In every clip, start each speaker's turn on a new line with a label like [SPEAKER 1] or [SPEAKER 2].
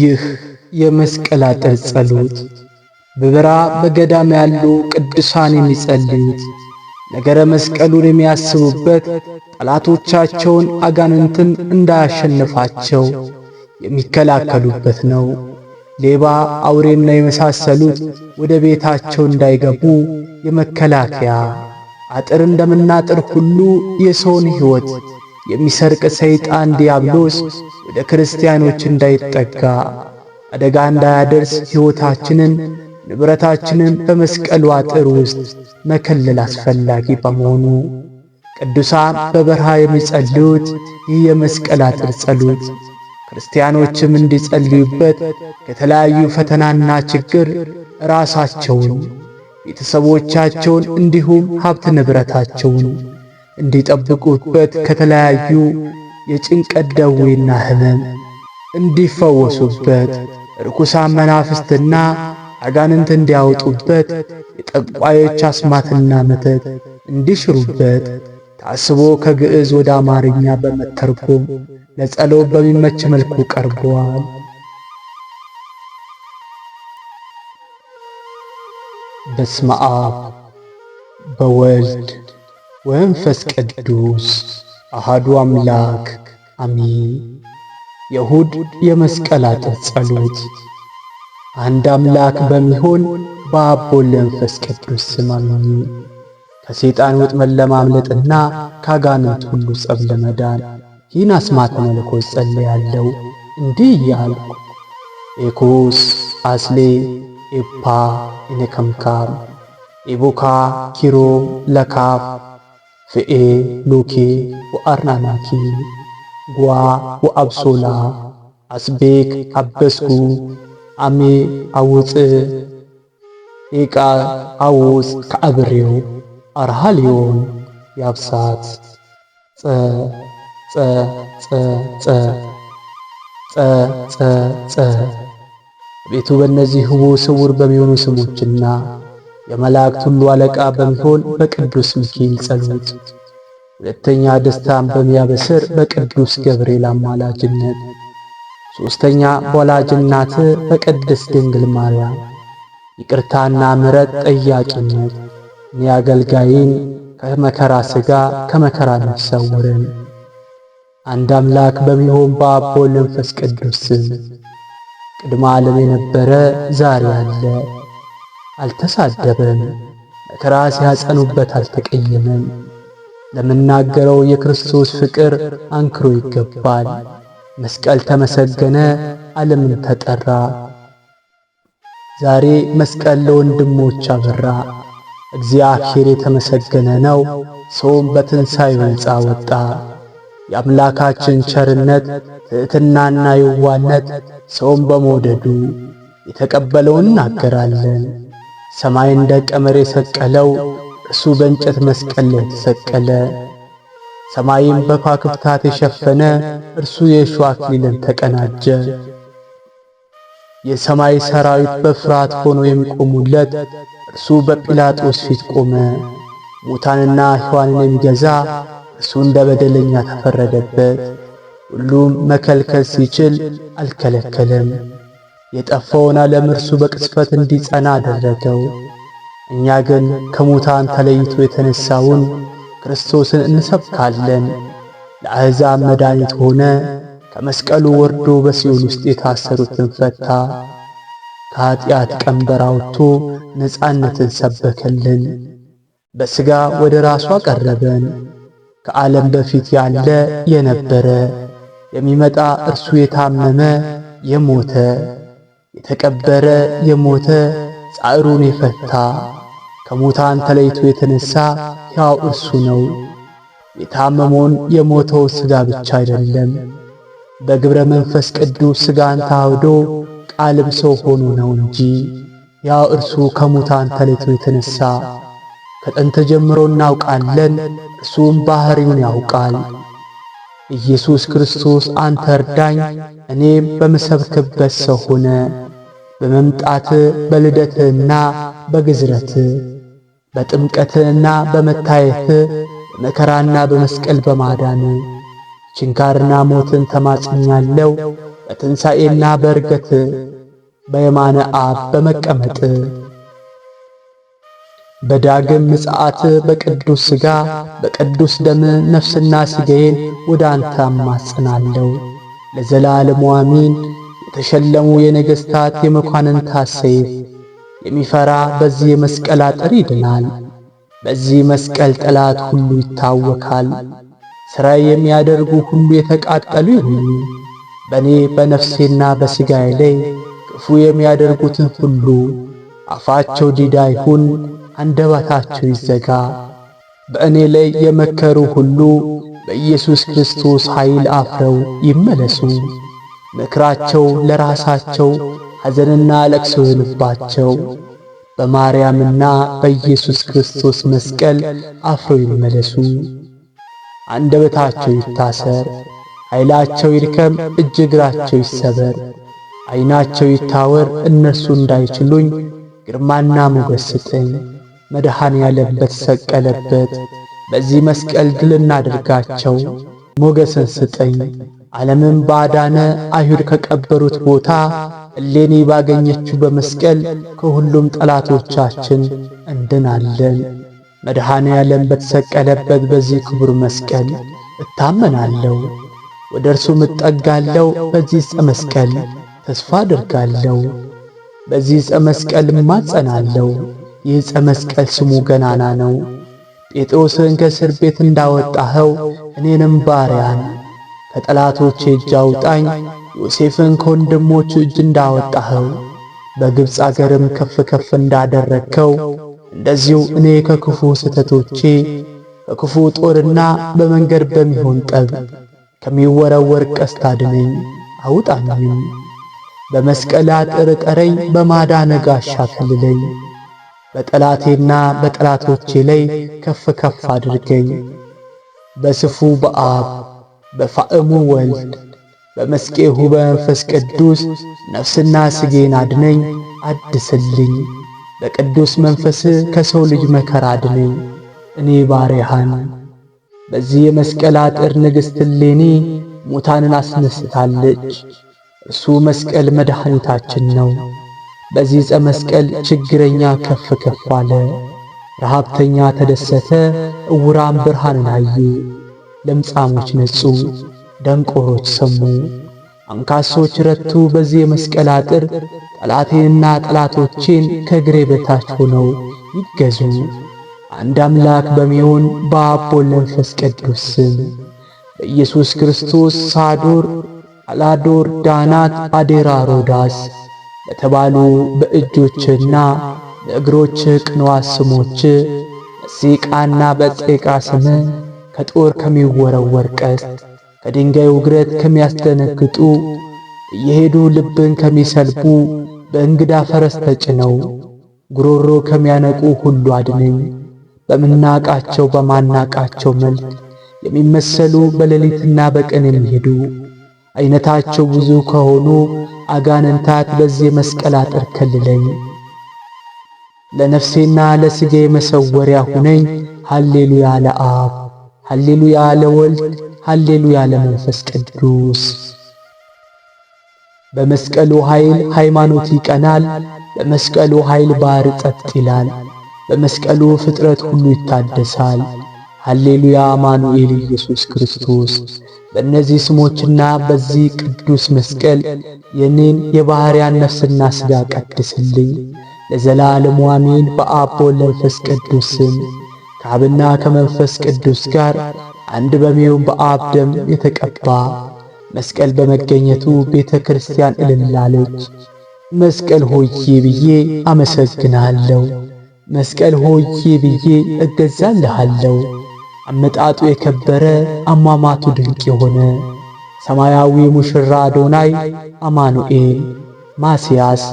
[SPEAKER 1] ይህ የመስቀል አጥር ጸሎት በበራ በገዳም ያሉ ቅዱሳን የሚጸልዩት ነገረ መስቀሉን የሚያስቡበት ጠላቶቻቸውን አጋንንትን እንዳያሸንፋቸው የሚከላከሉበት ነው። ሌባ፣ አውሬና የመሳሰሉት ወደ ቤታቸው እንዳይገቡ የመከላከያ አጥር እንደምናጥር ሁሉ የሰውን ሕይወት የሚሰርቅ ሰይጣን ዲያብሎስ ወደ ክርስቲያኖች እንዳይጠጋ አደጋ እንዳያደርስ ሕይወታችንን ንብረታችንን በመስቀሉ አጥር ውስጥ መከለል አስፈላጊ በመሆኑ ቅዱሳን በበረሃ የሚጸልዩት ይህ የመስቀል አጥር ጸሎት ክርስቲያኖችም እንዲጸልዩበት ከተለያዩ ፈተናና ችግር ራሳቸውን ቤተሰቦቻቸውን እንዲሁም ሀብት ንብረታቸውን እንዲጠብቁበት ከተለያዩ የጭንቀት ደዌና ህመም እንዲፈወሱበት ርኩሳን መናፍስትና አጋንንት እንዲያወጡበት የጠቋዮች አስማትና መተት እንዲሽሩበት ታስቦ ከግዕዝ ወደ አማርኛ በመተርጎም ለጸሎት በሚመች መልኩ ቀርበዋል። በስመ አብ በወልድ ወመንፈስ ቅዱስ አሃዱ አምላክ አሚን። የእሁድ የመስቀል አጥር ጸሎት። አንድ አምላክ በሚሆን በአብ በወልድ በመንፈስ ቅዱስ ስም አሜን። ከሰይጣን ወጥመድ ለማምለጥና ከአጋንንት ሁሉ ጸብ ለመዳን ይህን አስማተ መለኮት ጸልያለሁ እንዲህ እያልኩ ኤኩስ አስሌ ኤፓ እነከምካም ኤቦካ ኪሮ ለካፍ ፍኤ ሉኪ ወአርናናኪ ጓ ወአብሶላ አስቤክ አበስኩ አሜ አውፅእ ዴቃ አውፅ ከአብሬው አርሃልዮን ያብሳት ጸ ጸ ጸ ጸ ጸ ጸ ጸ ቤቱ በእነዚህ ውብ ስውር በሚሆኑ ስሞችና የመላእክት ሁሉ አለቃ በሚሆን በቅዱስ ሚካኤል ጸሎት፣ ሁለተኛ ደስታን በሚያበስር በቅዱስ ገብርኤል አማላጅነት፣ ሦስተኛ በወላጅ እናት በቅድስት ድንግል ማርያም ይቅርታና ምሕረት ጠያቂነት እኔ አገልጋይን ከመከራ ሥጋ ከመከራ ነፍስ አንድ አምላክ በሚሆን በአብ በወልድ በመንፈስ ቅዱስ ስም ቅድመ ዓለም የነበረ ዛሬ አለ አልተሳደበም፣ መከራ ሲያጸኑበት አልተቀየመም። ለምናገረው የክርስቶስ ፍቅር አንክሮ ይገባል። መስቀል ተመሰገነ፣ ዓለምን ተጠራ። ዛሬ መስቀል ለወንድሞች አበራ። እግዚአብሔር የተመሰገነ ነው። ሰውም በትንሣኤው ነፃ ወጣ። የአምላካችን ቸርነት ትሕትናና የዋህነት ሰውም በመውደዱ የተቀበለውን እናገራለን። ሰማይ እንደ ቀመር የሰቀለው እሱ በእንጨት መስቀል ላይ ተሰቀለ። ሰማይም በኳክብታት የሸፈነ እርሱ የእሾህ አክሊልን ተቀናጀ። የሰማይ ሰራዊት በፍርሃት ሆኖ የሚቆሙለት እርሱ በጲላጦስ ፊት ቆመ። ሙታንና ሕያዋንን የሚገዛ እርሱ እንደ በደለኛ ተፈረደበት። ሁሉም መከልከል ሲችል አልከለከለም። የጠፋውን ዓለም እርሱ በቅጽበት እንዲጸና አደረገው። እኛ ግን ከሙታን ተለይቶ የተነሳውን ክርስቶስን እንሰብካለን። ለአሕዛብ መድኃኒት ሆነ። ከመስቀሉ ወርዶ በሲኦል ውስጥ የታሰሩትን ፈታ። ከኀጢአት ቀንበር አውጥቶ ነፃነትን ሰበከልን። በሥጋ ወደ ራሱ አቀረበን። ከዓለም በፊት ያለ የነበረ የሚመጣ እርሱ የታመመ የሞተ የተቀበረ የሞተ ጻዕሩን የፈታ ከሙታን ተለይቶ የተነሳ ያው እርሱ ነው። የታመመውን የሞተው ሥጋ ብቻ አይደለም፣ በግብረ መንፈስ ቅዱስ ሥጋን ታውዶ ቃልም ሰው ሆኖ ነው እንጂ ያው እርሱ ከሙታን ተለይቶ የተነሳ ከጥንት ጀምሮ እናውቃለን፣ እርሱም ባህሪውን ያውቃል። ኢየሱስ ክርስቶስ አንተ እርዳኝ፣ እኔም በምሰብክበት ሰው ሆነ በመምጣት በልደትህና በግዝረት በጥምቀትህና በመታየት በመከራና በመስቀል በማዳን ችንካርና ሞትን ተማጽኛለው። በትንሣኤና በእርገት በየማነ አብ በመቀመጥ በዳግም ምጽአት በቅዱስ ሥጋ በቅዱስ ደም ነፍስና ሥጋዬን ወደ አንተ አማጽናለሁ። ለዘላለሙ አሚን። የተሸለሙ የነገሥታት የመኳንንት ሰይፍ የሚፈራ በዚህ የመስቀል አጥር ይድናል። በዚህ መስቀል ጠላት ሁሉ ይታወካል። ሥራ የሚያደርጉ ሁሉ የተቃጠሉ ይሁኑ። በእኔ በነፍሴና በሥጋዬ ላይ ክፉ የሚያደርጉትን ሁሉ አፋቸው ዲዳ ይሁን አንደበታቸው ይዘጋ። በእኔ ላይ የመከሩ ሁሉ በኢየሱስ ክርስቶስ ኃይል አፍረው ይመለሱ። ምክራቸው ለራሳቸው ሐዘንና ለቅሶ ይሁንባቸው። በማርያምና በኢየሱስ ክርስቶስ መስቀል አፍረው ይመለሱ። አንደበታቸው ይታሰር፣
[SPEAKER 2] ኃይላቸው ይድከም፣ እጅ እግራቸው ይሰበር፣
[SPEAKER 1] አይናቸው ይታወር። እነሱ እንዳይችሉኝ ግርማና ሞገስ ስጠኝ። መድሃን ያለበት በተሰቀለበት በዚህ መስቀል ድል እናድርጋቸው። ሞገስን ስጠኝ። ዓለምን ባዳነ አይሁድ ከቀበሩት ቦታ እሌኒ ባገኘችው በመስቀል ከሁሉም ጠላቶቻችን እንድናለን። መድኃኔ ዓለም በተሰቀለበት በዚህ ክቡር መስቀል እታመናለሁ፣ ወደ እርሱ እጠጋለሁ። በዚህ ዕፀ መስቀል ተስፋ አድርጋለሁ፣ በዚህ ዕፀ መስቀል እማጸናለሁ። የዕፀ መስቀል ስሙ ገናና ነው። ጴጥሮስን ከእስር ቤት እንዳወጣኸው እኔንም ባሪያን ከጠላቶቼ እጅ አውጣኝ፣ ዮሴፍን ከወንድሞቹ እጅ እንዳወጣኸው በግብፅ አገርም ከፍ ከፍ እንዳደረግከው እንደዚሁ እኔ ከክፉ ስህተቶቼ ከክፉ ጦርና በመንገድ በሚሆን ጠብ ከሚወረወር ቀስት አድነኝ አውጣኝ። በመስቀል አጥር ጠረኝ፣ በማዳ ነጋሻ ከልለኝ። በጠላቴና በጠላቶቼ ላይ ከፍ ከፍ አድርገኝ። በስፉ በአብ በፋእሙ ወልድ በመስቄሁ በመንፈስ ቅዱስ ነፍስና ስጌን አድነኝ አድስልኝ። በቅዱስ መንፈስ ከሰው ልጅ መከራ አድነኝ። እኔ ባሪያህን በዚህ የመስቀል አጥር ንግሥት እሌኒ ሙታንን አስነስታለች። እርሱ መስቀል መድኃኒታችን ነው። በዚህ ዕፀ መስቀል ችግረኛ ከፍ ከፍ አለ፣ ረሃብተኛ ተደሰተ፣ እውራን ብርሃንን አዩ፣ ለምጻሞች ነጹ፣ ደንቆሮች ሰሙ፣ አንካሶች ረቱ። በዚህ የመስቀል አጥር ጠላቴንና ጠላቶቼን ከእግሬ በታች ሆነው ይገዙ። አንድ አምላክ በሚሆን በአብ በወልድ በመንፈስ ቅዱስ ስም በኢየሱስ ክርስቶስ ሳዶር፣ አላዶር፣ ዳናት፣ አዴራ፣ ሮዳስ ለተባሉ በእጆችና ለእግሮች ቅንዋ ስሞች በሲቃና በጼቃ ስም ከጦር ከሚወረወር ቀስት ከድንጋይ ውግረት ከሚያስደነግጡ እየሄዱ ልብን ከሚሰልቡ በእንግዳ ፈረስ ተጭነው ጉሮሮ ከሚያነቁ ሁሉ አድነኝ። በምናቃቸው በማናቃቸው መልክ የሚመሰሉ በሌሊትና በቀን የሚሄዱ አይነታቸው ብዙ ከሆኑ አጋንንታት በዚህ መስቀል አጥር ከልለኝ፣ ለነፍሴና ለሥጋ መሰወሪያ ሁነኝ። ሃሌሉያ ለአብ፣ ሃሌሉያ ለወልድ፣ ሃሌሉያ ለመንፈስ ቅዱስ። በመስቀሉ ኃይል ሃይማኖት ይቀናል። በመስቀሉ ኃይል ባሕር ጸጥ ይላል። በመስቀሉ ፍጥረት ሁሉ ይታደሳል። ሀሌሉያ አማኑኤል ኢየሱስ ክርስቶስ። በእነዚህ ስሞችና በዚህ ቅዱስ መስቀል የኔን የባሕርያን ነፍስና ሥጋ ቀድስልኝ ለዘላለሙ አሜን። በአቦ በወልድ ቅዱስ ስም ከአብና ከመንፈስ ቅዱስ ጋር አንድ በሚሆን በአብ ደም የተቀባ መስቀል በመገኘቱ ቤተ ክርስቲያን እልላለች። መስቀል ሆዬ ብዬ አመሰግናለሁ። መስቀል ሆዬ ብዬ እገዛልሃለሁ። አመጣጡ የከበረ አሟሟቱ ድንቅ የሆነ ሰማያዊ ሙሽራ አዶናይ አማኑኤል ማስያስ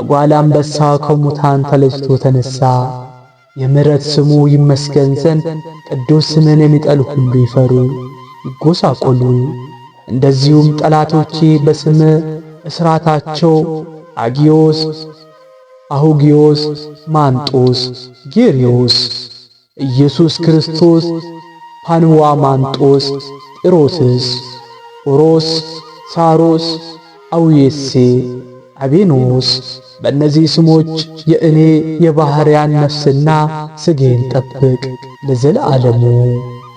[SPEAKER 1] አጓል አንበሳ ከሙታን ተለጅቶ ተነሳ። የምሕረት ስሙ ይመስገን ዘንድ ቅዱስ ስምን የሚጠሉ ሁሉ ይፈሩ ይጎሳቆሉ። እንደዚሁም ጠላቶቼ በስም እስራታቸው አጊዮስ፣ አሁጊዮስ፣ ማንጦስ፣ ጌርዮስ ኢየሱስ ክርስቶስ፣ ፓንዋማንጦስ፣ ጢሮስስ፣ ኦሮስ፣ ሳሮስ፣ አውዬሴ፣ አቤኖስ በእነዚህ ስሞች የእኔ የባሕርያን ነፍስና ስጌን ጠብቅ ለዘለዓለሙ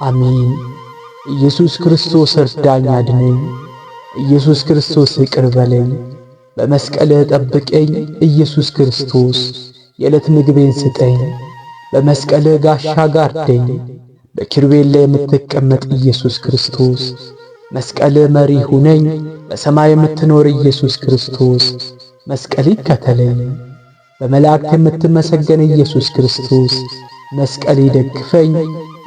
[SPEAKER 1] አሚን። ኢየሱስ ክርስቶስ እርዳኝ፣ አድነኝ። ኢየሱስ ክርስቶስ ይቅር በለኝ። በመስቀልህ ጠብቀኝ። ኢየሱስ ክርስቶስ የዕለት ምግቤን ስጠኝ። በመስቀል ጋሻ ጋርደኝ። በኪሩቤል ላይ የምትቀመጥ ኢየሱስ ክርስቶስ መስቀል መሪ ሁነኝ። በሰማይ የምትኖር ኢየሱስ ክርስቶስ መስቀል ይከተለኝ። በመላእክት የምትመሰገን ኢየሱስ ክርስቶስ መስቀል ይደግፈኝ።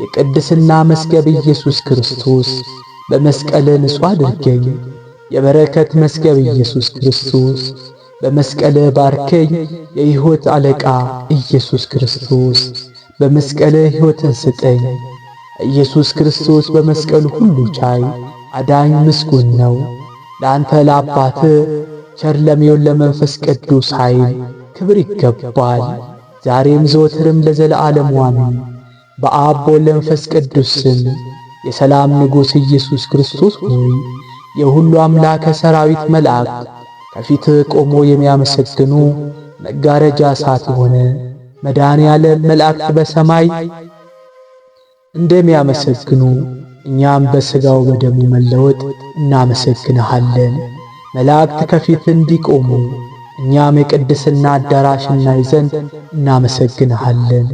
[SPEAKER 1] የቅድስና መስገብ ኢየሱስ ክርስቶስ በመስቀል ንጹሕ አድርገኝ። የበረከት መስገብ ኢየሱስ ክርስቶስ በመስቀል ባርከኝ የሕይወት አለቃ ኢየሱስ ክርስቶስ፣ በመስቀል ሕይወትን ስጠኝ ኢየሱስ ክርስቶስ። በመስቀሉ ሁሉ ቻይ አዳኝ ምስጉን ነው። ለአንተ ለአባት ቸር ለሚሆን ለመንፈስ ቅዱስ ኃይል ክብር ይገባል ዛሬም ዘወትርም ለዘለዓለሙ አሜን። በአብ በወልድ በመንፈስ ቅዱስ ስም የሰላም ንጉሥ ኢየሱስ ክርስቶስ ሆይ የሁሉ አምላከ ሰራዊት መልአክ ከፊት ቆሞ የሚያመሰግኑ መጋረጃ እሳት የሆነ መዳን ያለ መላእክት በሰማይ እንደሚያመሰግኑ እኛም በስጋው በደሙ መለወጥ እናመሰግንሃለን። መላእክት ከፊት እንዲቆሙ እኛም የቅድስና አዳራሽ እናይ ዘንድ እናመሰግንሃለን።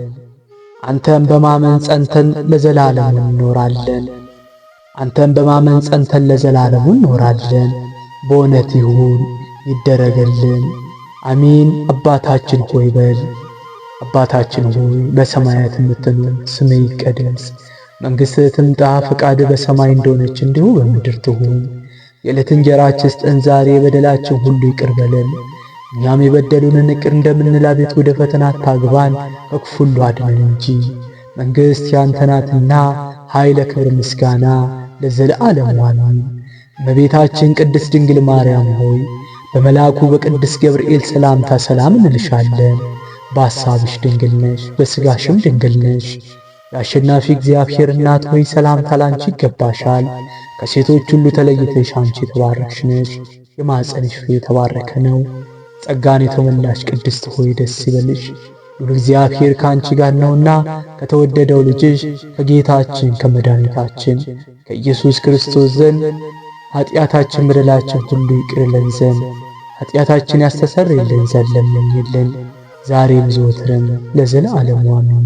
[SPEAKER 1] አንተን በማመን ጸንተን ለዘላለም እንኖራለን። አንተን በማመን ጸንተን ለዘላለም እንኖራለን። በእውነት ይሁን። ይደረገልን። አሜን። አባታችን ሆይ በል። አባታችን ሆይ በሰማያት የምትኖር ስምህ ይቀደስ፣ መንግሥትህ ትምጣ፣ ፈቃድህ በሰማይ እንደሆነች እንዲሁ በምድር ትሁን። የዕለት እንጀራችንን ስጠን ዛሬ፣ በደላችን ሁሉ ይቅር በለን እኛም የበደሉንን ይቅር እንደምንል፣ አቤት ወደ ፈተና አታግባን፣ ከክፉ ሁሉ አድነን እንጂ መንግሥት ያንተ ናትና ኃይል፣ ክብር፣ ምስጋና ለዘለዓለሙ አሜን። እመቤታችን ቅድስት ድንግል ማርያም ሆይ በመልአኩ በቅዱስ ገብርኤል ሰላምታ ሰላም እንልሻለን። በሐሳብሽ ድንግል ነሽ፣ በሥጋሽም ድንግል ነሽ። የአሸናፊ እግዚአብሔር እናት ሆይ ሰላምታ ላንቺ ይገባሻል። ከሴቶች ሁሉ ተለይተሽ አንቺ የተባረክሽ ነሽ፣ የማኅፀንሽ ፍሬ የተባረከ ነው። ጸጋን የተመላሽ ቅድስት ሆይ ደስ ይበልሽ፣ ሁሉ እግዚአብሔር ከአንቺ ጋር ነውና ከተወደደው ልጅሽ ከጌታችን ከመድኃኒታችን ከኢየሱስ ክርስቶስ ዘንድ ኃጢአታችን ምድላችን ሁሉ ይቅርልን ዘንድ ኃጢአታችን ያስተሰርይልን ዘንድ ለምኝልን
[SPEAKER 2] ዛሬም ዘወትርም
[SPEAKER 1] ለዘላለሙ አሜን።